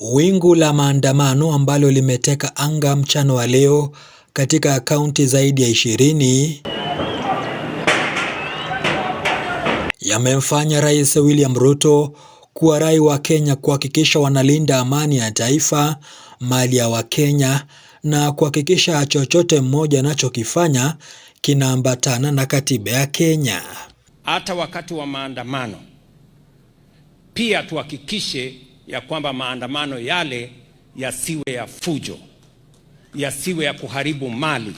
Wingu la maandamano ambalo limeteka anga mchana wa leo katika kaunti zaidi ya ishirini yamemfanya Rais William Ruto kuwarai Wakenya kuhakikisha wanalinda amani ya taifa, mali ya Wakenya na kuhakikisha chochote mmoja anachokifanya kinaambatana na katiba ya Kenya. Hata wakati wa maandamano pia tuhakikishe ya kwamba maandamano yale yasiwe ya fujo, yasiwe ya kuharibu mali,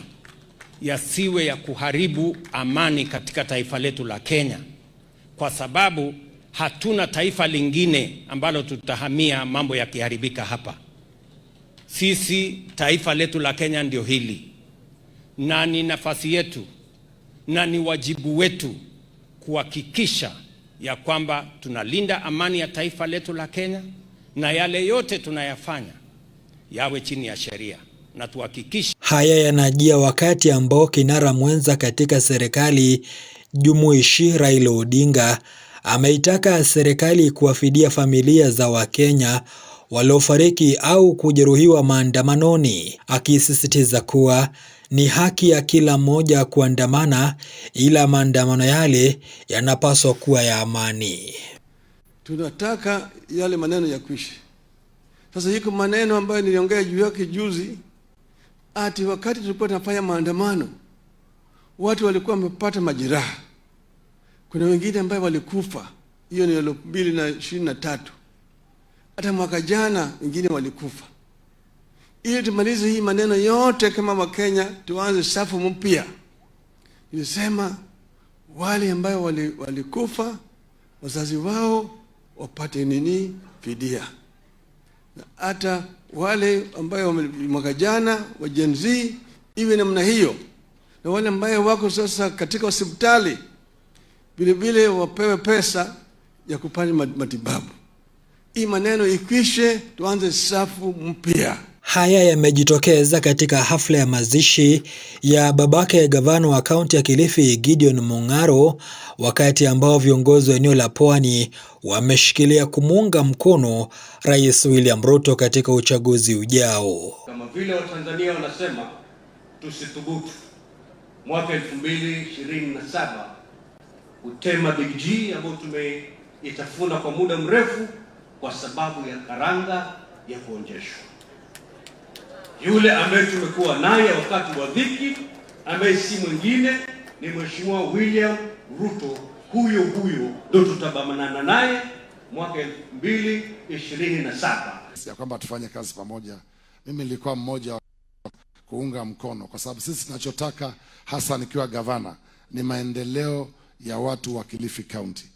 yasiwe ya kuharibu amani katika taifa letu la Kenya, kwa sababu hatuna taifa lingine ambalo tutahamia mambo yakiharibika hapa. Sisi taifa letu la Kenya ndio hili, na ni nafasi yetu na ni wajibu wetu kuhakikisha ya kwamba tunalinda amani ya taifa letu la Kenya na yale yote tunayafanya yawe chini ya sheria na tuhakikishe. Haya yanajia wakati ambao kinara mwenza katika serikali jumuishi Raila Odinga ameitaka serikali kuwafidia familia za Wakenya waliofariki au kujeruhiwa maandamanoni, akisisitiza kuwa ni haki ya kila mmoja kuandamana, ila maandamano yale yanapaswa kuwa ya amani tunataka yale maneno ya kuishi. Sasa iko maneno ambayo niliongea juu yake juzi, ati wakati tulikuwa tunafanya maandamano watu walikuwa wamepata majeraha, kuna wengine ambayo walikufa. Hiyo ni elfu mbili na ishirini na tatu. Hata mwaka jana wengine walikufa. Ili tumalize hii maneno yote kama Wakenya, tuanze safu mpya. Nilisema wale ambayo walikufa wali wazazi wao wapate nini? Fidia. Na hata wale ambayo mwaka jana wa Gen Z iwe namna hiyo, na wale ambayo wako sasa katika hospitali vile vile wapewe pesa ya kupata matibabu. Hii maneno ikwishe, tuanze safu mpya. Haya yamejitokeza katika hafla ya mazishi ya babake gavana wa kaunti ya Kilifi Gideon Mung'aro, wakati ambao viongozi wa eneo la Pwani wameshikilia kumuunga mkono Rais William Ruto katika uchaguzi ujao. Kama vile Watanzania wanasema tusithubutu, mwaka 2027 utema big G ambayo tumeitafuna kwa muda mrefu kwa sababu ya karanga ya kuonjeshwa yule ambaye tumekuwa naye wakati wa dhiki, ambaye si mwingine ni Mheshimiwa William Ruto. Huyo huyo ndio tutabamanana naye mwaka 2027 ya kwamba tufanye kazi pamoja. Mimi nilikuwa mmoja kuunga mkono, kwa sababu sisi tunachotaka hasa nikiwa gavana ni maendeleo ya watu wa Kilifi County.